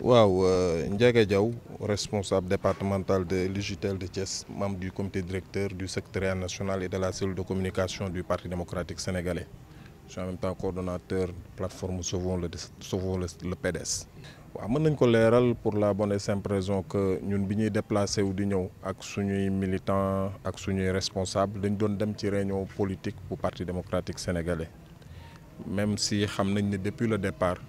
waaw euh, Ndiaga Diaw responsable départemental de l'UJTL de Thiès membre du comité directeur du secrétariat national et de la cellule de communication du Parti démocratique sénégalais je suis plateforme Sauvons le Sauvons le PDS. waaw mën nañ ko leeral pour la bonne et simple raison que ñun bi ñuy déplacé wu di ñëw ak suñuy militants ak suñuy responsable dañ doon dem ci réunion politique bu parti démocratique sénégalais même si xam nañ ne depuis le départ.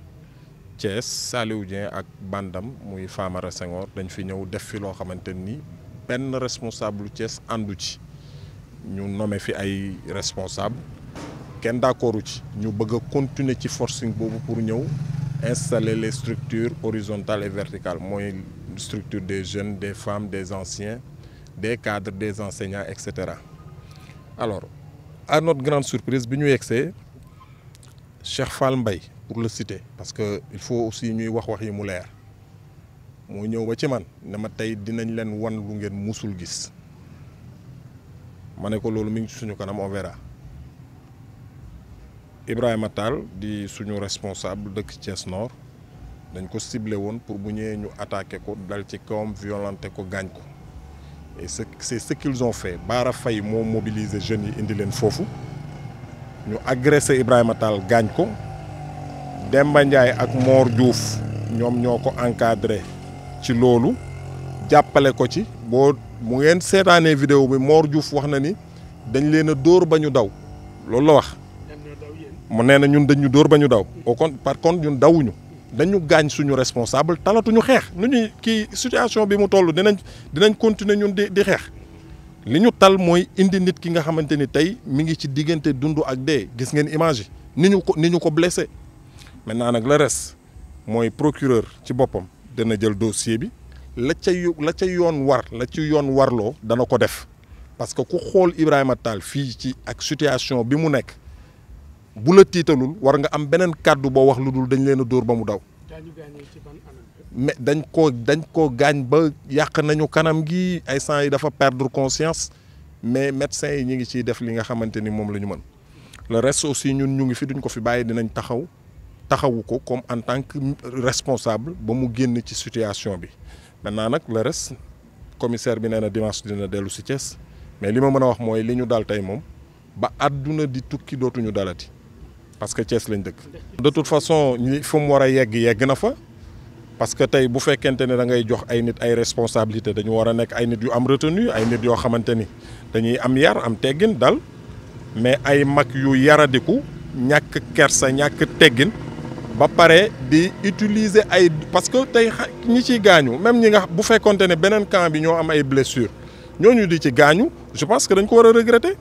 Thiès Saliou Dieng ak bandam muy Famara Senghor dañ fi ñëw def fi loo xamante ni benn responsable Thiès àndu ci ñu nome fi ay responsable kenn d'accordu ci ñu bëgg a continuer ci forcing boobu pour ñëw installer les structures horizontales et verticales mooy structure des jeunes des femmes des anciens des cadres des enseignants et cetera alors à notre surprise bi ñu yegsee Cheikh Fall mbay pour le citer parce que il faut aussi ñuy wax wax yi mu leer moo ñëw ba ci man ne tey dinañ leen wan lu ngeen musul gis ma ne ko loolu mi ngi ci suñu kanam on verra Ibrahima Tall di suñu responsable dëkk Thiès Nord dañ ko ciblé woon pour bu ñëwee ñu attaqué ko dal ci kawam violenté ko gaañ ko et ce c'est ce qu'ils ont fait Bara Faye moo mobilisé jeunes yi indi leen foofu ñu agressé Ibrahima Tall gaañ ko Demba ak Mor Diouf ñoom ñoo ko encadré ci loolu jàppale ko ci boo mu ngeen seetaanee vidéo bi Mor Diouf wax na ni dañ leen dóor ba ñu daw loolu la wax mu nee na ñun dañu dóor ba ñu daw au contre par contre ñun dawuñu dañu gaañ suñu responsable talatuñu xeex nu ñuy kii situation bi mu toll dinañ dinañ continuer ñun di di xeex li ñu tal mooy indi nit ki nga xamante ni tey mi ngi ci diggante dund ak dee gis ngeen image yi ni ñu ko ni ñu ko blessé maintenant nag le reste mooy procureur ci boppam dana jël dossier bi la ca la ca yoon war la ci yoon warloo dana ko def parce que ku xool Ibrahima taal fii ci ak situation bi mu nekk bu la tiitalul war nga am beneen kàddu boo wax lu dul dañ leen a dóor ba mu daw. mais dañ koo dañ koo gaañ ba yàq nañu kanam gi ay sang yi dafa perdre conscience mais médecins yi ñu ngi ciy def li nga xamante ni moom la ñu mën le reste aussi ñun ñu ngi fi duñ ko fi bàyyi dinañ taxaw. taxawu ko comme en tant que responsable ba mu génn ci situation bi maintenant nag le reste commissaire bi nee na dimanche dina dellu si Thiès mais li ma mën a wax mooy li ñu dal tey moom ba àdduna di tukki dootuñu dalati parce que cees lañ dëkk. de toute façon ñu fu mu war a yegg yegg na fa parce que tey bu fekkente ne da ngay jox ay nit ay responsabilité dañu war a nekk ay nit yu am retenue ay nit yoo xamante ni dañuy am yar am teggin dal mais ay mag yu yaradiku ñàkk kersa ñàkk teggin. ba pare di utiliser ay parce que tey ñi ciy gaañu même ñi nga bu fekkonte ne beneen camp bi ñoo am ay ñoo ñu di ci gaañu je pense que dañ ko war a regretter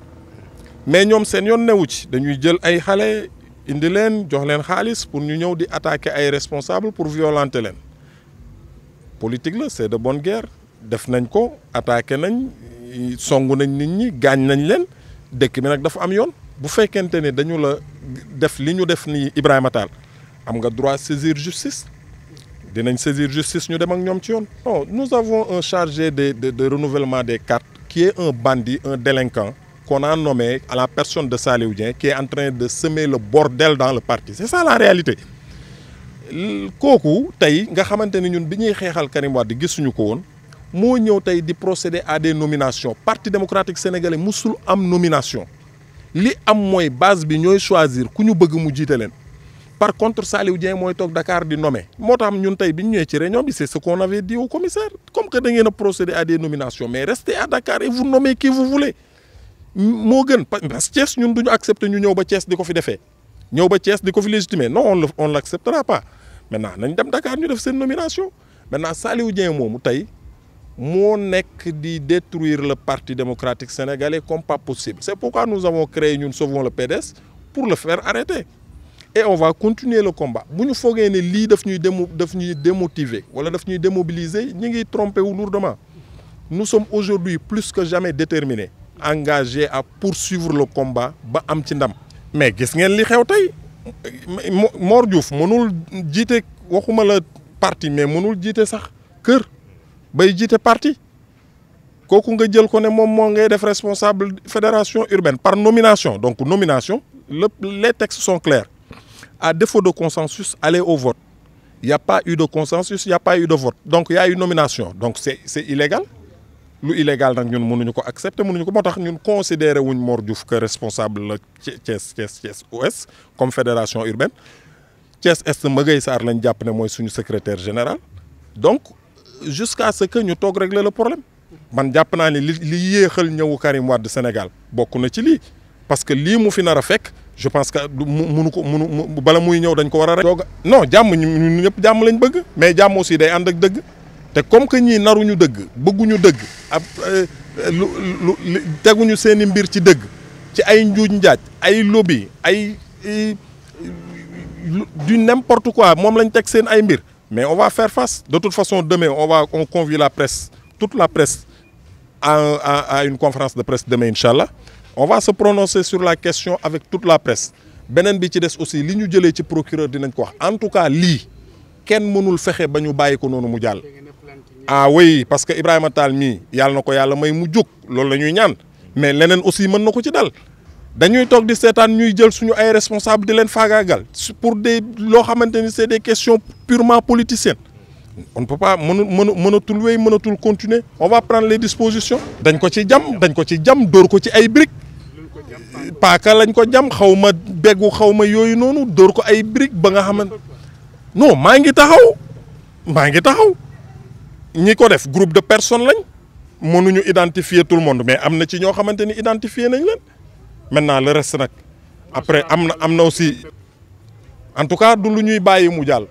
mais ñoom seen yoon newu ci dañuy jël ay xale indi leen jox leen xaalis pour ñu ñëw di attaquer ay responsables pour violenter leen politique la c'est de bonne guerre def nañ ko attaquer nañ songu nañ nit ñi gaañ nañ leen dëkk bi nag dafa am yoon bu fekkente ni dañu la def li ñu def nii Ibrahima Tall am nga droit saisir justice dinañ saisir justice ñu dem ak ñoom ci yoon. non nous avons un chargé de de renouvellement des cartes qui est un bandit un délinquant qu'on a nommé à la personne de Saliou Dieng qui est en train de semer le bordel dans le parti c'est ça la réalité. kooku tey nga xamante ni ñun bi ñuy xeexal Karim Wade gisuñu ko woon moo ñëw tey di procéder à des nominations parti démocratique sénégalais musul am nomination li am mooy base bi ñooy choisir ku ñu bëgg mu jiite leen. par contre Saliou Dieng mooy toog Dakar di nommé moo tax ñun ñu ñëwee ci réunion bi c'est ce qu'on avait dit au commissaire comme que da ngeen a moo gën parce que Thiès ñun duñu accepter ñu ñëw ba Thiès di ko fi defee ñëw ba Thiès di ko fi légitimer non on on l'acceptera pas def seen nomination maintenant Saliou Dieng moomu tey moo nekk di détruire le parti démocratique sénégalais comme pas possible c'est pourquoi nous avons créé ñun sauvons le PDS pour le faire arrêter et on va continuer le combat bu ñu foogee ni lii daf ñuy démo daf ñuy démotiver wala daf ñuy démobiliser ñu ngi trompé wu lourdement nous sommes aujourd'hui plus que jamais déterminer engagés à poursuivre le combat ba am ci ndam mais gis ngeen li xew tey Mor Diouf mënul jiite waxuma la parti mais mënul jiite sax kër bay jiite parti kooku nga jël ko ne moom moo ngay def responsable fédération urbaine par nomination donc nomination lépp les textes sont clairs à défaut de consensus, aller au vote. Il n'y a pas eu de consensus, il pas eu de vote. Donc il y a nomination. Donc c'est illégal. lu illégal nag ñun mënuñu ko accepter mënuñu ko moo tax ñun considéré wuñ Mor Diouf que responsable la Thiès Thiès Thiès Ouest comme fédération urbaine Thiès Est Magay Sarr lañ jàpp ne mooy suñu secrétaire général donc jusqu'à ce que ñu toog régler le problème man jàpp naa ni li li yéexal ñëwu Karim Wade Sénégal bokk na ci lii parce que lii mu fi nar a fekk je pense que munu ko munu bala muy ñëw dañ ko war a rek non jàmm ñu ñu ñëpp jàmm lañ bëgg mais jàmm aussi day ànd ak dëgg te comme que ñii naruñu dëgg bëgguñu dëgg ab euh, lu lu teguñu seeni mbir ci dëgg ci ay njuuj njaaj ay lobby ay du n'importe quoi moom lañ teg seen ay mbir mais on va faire face de toute façon demain on va on convie la presse toute la presse à à à une conférence de presse demain incha allah on va se prononcer sur la question avec toute la presse beneen bi ci des aussi li ñu jëlee ci procureur dinañ ko wax en tout cas lii kenn mënul fexe ba ñu bàyyi ko noonu mu jàll. ah oui parce que Ibrahima taal mii yàlla na ko yàlla may mu jóg loolu la ñuy ñaan mais leneen aussi mën na ko ci dal dañuy toog di seetaan ñuy jël suñu ay responsable di leen faagaagal pour des loo xamante ni c'est des questions purement politiciennes on ne peut pas mënu mënu mënatul wéy mënatul continuer on va prendre les dispositions. dañ ko ci jam dañ ko ci jam dóor ko ci ay briques. paaka lañ ko jam xaw ma beggu xaw ma yooyu noonu dóor ko ay brique ba nga xamante non maa ngi taxaw maa ngi taxaw ñi ko def groupe de personnes lañ mënuñu identifier tout le monde mais am na ci ñoo xamante ni identifier nañ leen maintenant le reste nag après am na am na aussi en tout cas du lu ñuy bàyyi mu jàll